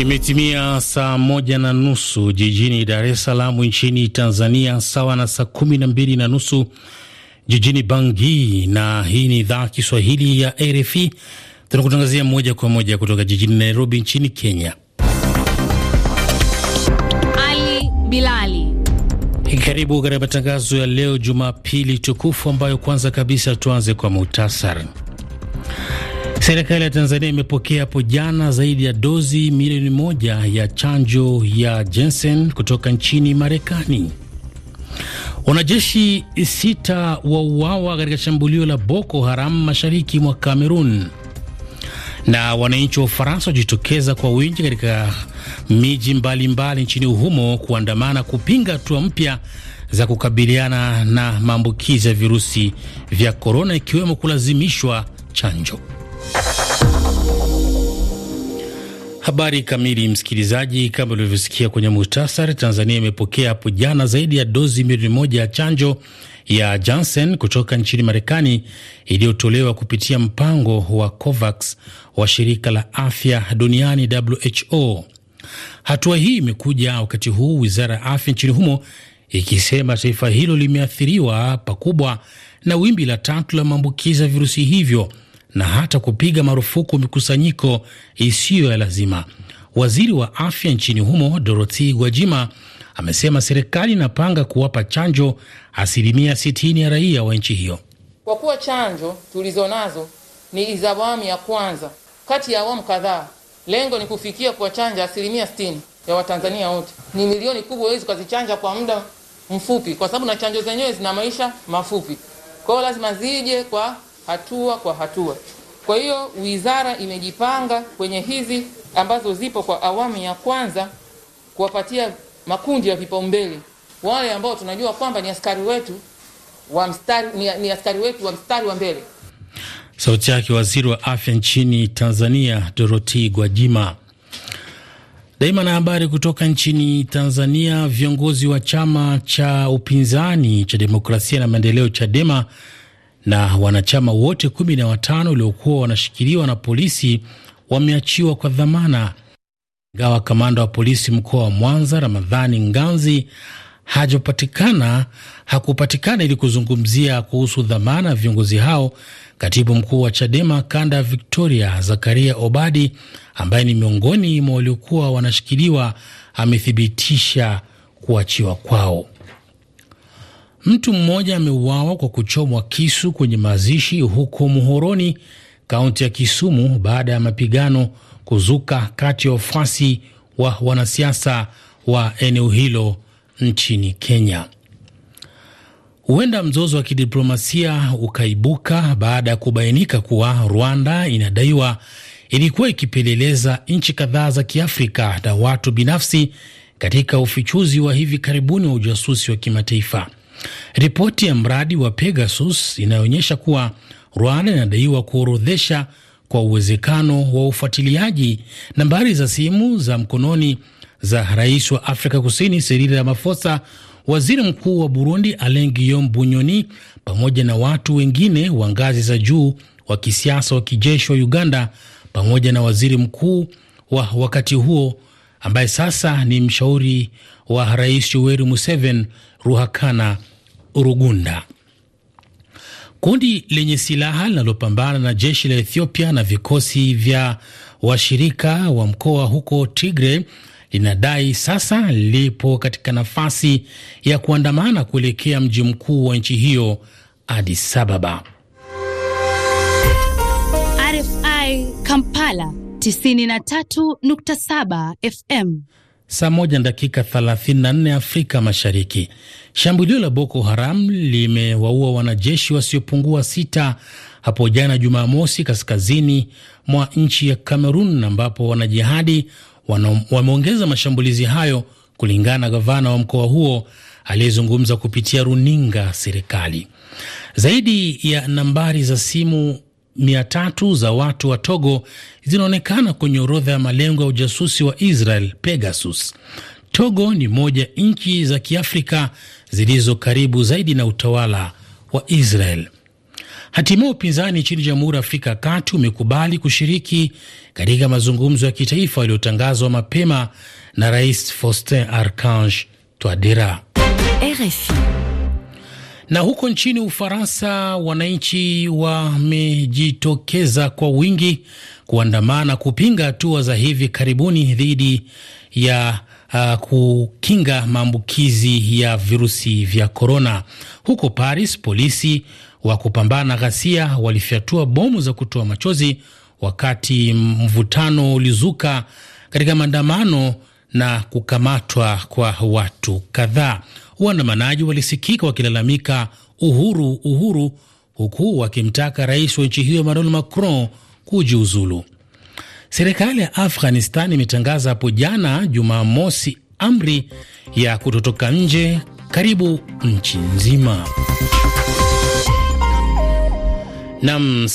Imetimia saa moja na nusu jijini Dar es Salaam nchini Tanzania, sawa na saa kumi na mbili na nusu jijini bangi na hii ni idhaa Kiswahili ya RFI. Tunakutangazia moja kwa moja kutoka jijini Nairobi nchini Kenya. Ali Bilali, karibu katika matangazo ya leo Jumapili tukufu, ambayo kwanza kabisa tuanze kwa muhtasari Serikali ya Tanzania imepokea hapo jana zaidi ya dozi milioni moja ya chanjo ya jensen kutoka nchini Marekani. Wanajeshi sita wa uawa katika shambulio la Boko Haram mashariki mwa Kamerun, na wananchi wa Ufaransa wajitokeza kwa wingi katika miji mbalimbali mbali nchini humo kuandamana kupinga hatua mpya za kukabiliana na maambukizi ya virusi vya korona, ikiwemo kulazimishwa chanjo. Habari kamili, msikilizaji. Kama ulivyosikia kwenye muhtasari, Tanzania imepokea hapo jana zaidi ya dozi milioni moja ya chanjo ya Janssen kutoka nchini Marekani iliyotolewa kupitia mpango wa COVAX wa shirika la afya duniani WHO. Hatua hii imekuja wakati huu wizara ya afya nchini humo ikisema taifa hilo limeathiriwa pakubwa na wimbi la tatu la maambukizi ya virusi hivyo na hata kupiga marufuku mikusanyiko isiyo ya lazima. Waziri wa afya nchini humo Dorothy Gwajima amesema serikali inapanga kuwapa chanjo asilimia 60 ya raia wa nchi hiyo. Kwa kuwa chanjo tulizonazo ni za awamu ya kwanza kati ya awamu kadhaa, lengo ni kufikia kuwachanja asilimia 60 ya Watanzania wote. Ni milioni kubwa, huwezi ukazichanja kwa muda mfupi, kwa sababu na chanjo zenyewe zina maisha mafupi, kwao lazima zije kwa hatua kwa hatua. Kwa hiyo wizara imejipanga kwenye hizi ambazo zipo kwa awamu ya kwanza kuwapatia makundi ya vipaumbele wale ambao tunajua kwamba ni askari wetu wa mstari, ni, ni askari wetu wa mstari wa mbele. Sauti yake waziri wa afya nchini Tanzania doroti Gwajima. Daima na habari kutoka nchini Tanzania. Viongozi wa chama cha upinzani cha demokrasia na maendeleo Chadema na wanachama wote kumi na watano waliokuwa wanashikiliwa na polisi wameachiwa kwa dhamana, ingawa kamanda wa polisi mkoa wa Mwanza Ramadhani Nganzi hajapatikana hakupatikana ili kuzungumzia kuhusu dhamana ya viongozi hao. Katibu mkuu wa Chadema kanda ya Victoria Zakaria Obadi, ambaye ni miongoni mwa waliokuwa wanashikiliwa, amethibitisha kuachiwa kwao. Mtu mmoja ameuawa kwa kuchomwa kisu kwenye mazishi huko Muhoroni, kaunti ya Kisumu, baada ya mapigano kuzuka kati ya wafuasi wa wanasiasa wa eneo hilo nchini Kenya. Huenda mzozo wa kidiplomasia ukaibuka baada ya kubainika kuwa Rwanda inadaiwa ilikuwa ikipeleleza nchi kadhaa za Kiafrika na watu binafsi katika ufichuzi wa hivi karibuni wa ujasusi wa kimataifa. Ripoti ya mradi wa Pegasus inayoonyesha kuwa Rwanda inadaiwa kuorodhesha kwa uwezekano wa ufuatiliaji nambari za simu za mkononi za rais wa Afrika Kusini Cyril Ramaphosa, waziri mkuu wa Burundi Alain Guillaume Bunyoni, pamoja na watu wengine wa ngazi za juu wa kisiasa, wa kijeshi wa Uganda, pamoja na waziri mkuu wa wakati huo ambaye sasa ni mshauri wa rais Yoweri Museveni, Ruhakana rugunda Kundi lenye silaha linalopambana na jeshi la Ethiopia na vikosi vya washirika wa mkoa huko Tigre linadai sasa lipo katika nafasi ya kuandamana kuelekea mji mkuu wa nchi hiyo Addis Ababa. RFI Kampala 93.7 FM saa moja na dakika 34 Afrika Mashariki. Shambulio la Boko Haram limewaua wanajeshi wasiopungua sita hapo jana Jumamosi, kaskazini mwa nchi ya Kamerun, ambapo wanajihadi wameongeza mashambulizi hayo, kulingana na gavana wa mkoa huo aliyezungumza kupitia runinga serikali. Zaidi ya nambari za simu mia tatu za watu wa Togo zinaonekana kwenye orodha ya malengo ya ujasusi wa Israel Pegasus. Togo ni moja nchi za Kiafrika zilizo karibu zaidi na utawala wa Israel. Hatimaye upinzani nchini Jamhuri ya Afrika ya Kati umekubali kushiriki katika mazungumzo ya kitaifa yaliyotangazwa mapema na Rais Faustin Archange Touadera. RFI na huko nchini Ufaransa, wananchi wamejitokeza kwa wingi kuandamana kupinga hatua za hivi karibuni dhidi ya Uh, kukinga maambukizi ya virusi vya korona. Huko Paris, polisi wa kupambana ghasia walifyatua bomu za kutoa machozi wakati mvutano ulizuka katika maandamano na kukamatwa kwa watu kadhaa waandamanaji walisikika wakilalamika uhuru, uhuru, huku wakimtaka rais wa nchi hiyo Emmanuel Macron kujiuzulu. Serikali ya Afghanistan imetangaza hapo jana Jumamosi amri ya kutotoka nje karibu nchi nzima nam